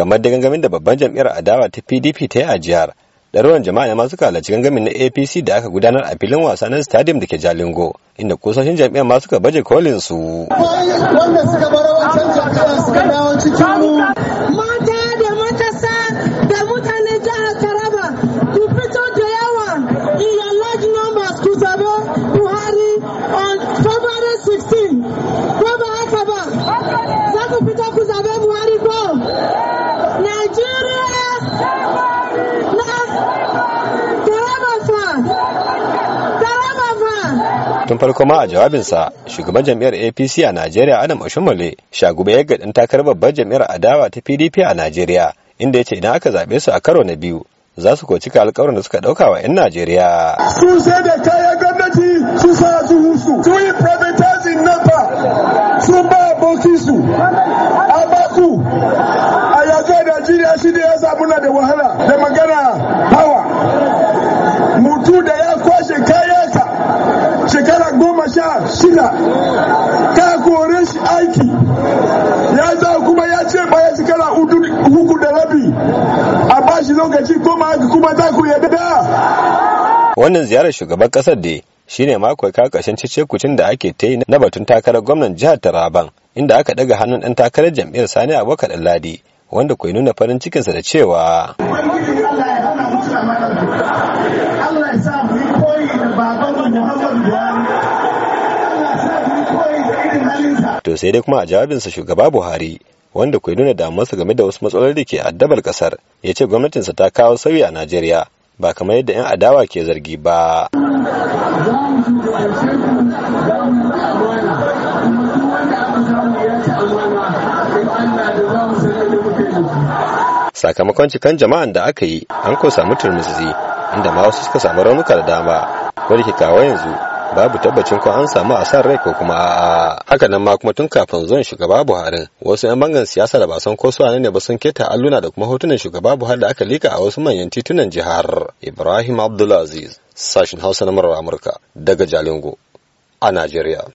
kamar da gangamin da babban jam'iyyar adawa ta pdp ta yi a jihar ɗaruwan jama'a ne masu halarci gangamin na apc da aka gudanar a filin wasa na stadium da ke jalingo inda kusoshin jam'iyyar masu suka baje kolin su mata da matasa da mutane fito da yawa ko ba za ku buhari ko tun farko ma a jawabinsa shugaban jam'iyyar apc a najeriya adam oshimole shagube ya gaɗin takarar babbar jam'iyyar adawa ta pdp a najeriya inda ya ce idan aka zaɓe su a karo na biyu za su koci alkawarin da suka ɗauka wa 'yan najeriya su sai da kayan gwamnati su sa su sha shida ka kore shi aiki ya za kuma ya ce baya shekara uku da rabi a shi lokaci koma haka kuma za ku yadda wannan ziyarar shugaban kasar da shine mako ka kashin cicekucin da ake ta yi na batun takarar gwamnan jihar Taraban inda aka daga hannun ɗan takarar jam'iyyar Sani abokan Ladi wanda koyi nuna farin cikinsa da cewa to sai dai kuma a jawabinsa shugaba buhari wanda kai nuna damuwarsa game da wasu matsaloli da ke addabar kasar ya ce gwamnatinsa ta kawo sauyi a najeriya ba kamar yadda 'yan adawa ke zargi ba sakamakon cikan jama'an da aka yi an ko samu turmuzi, inda ma wasu suka samu raunuka da dama wadda ke kawo yanzu babu tabbacin ko an samu a san rai ko kuma a'a haka nan ma kuma tun kafin zuwan shugaba Buhari wasu yan bangan siyasa da ba san ko su ne ba sun keta alluna da kuma hotunan shugaba Buhari da aka lika a wasu manyan titunan jihar Ibrahim Abdulaziz sashin Hausa na Amurka daga Jalingo a Najeriya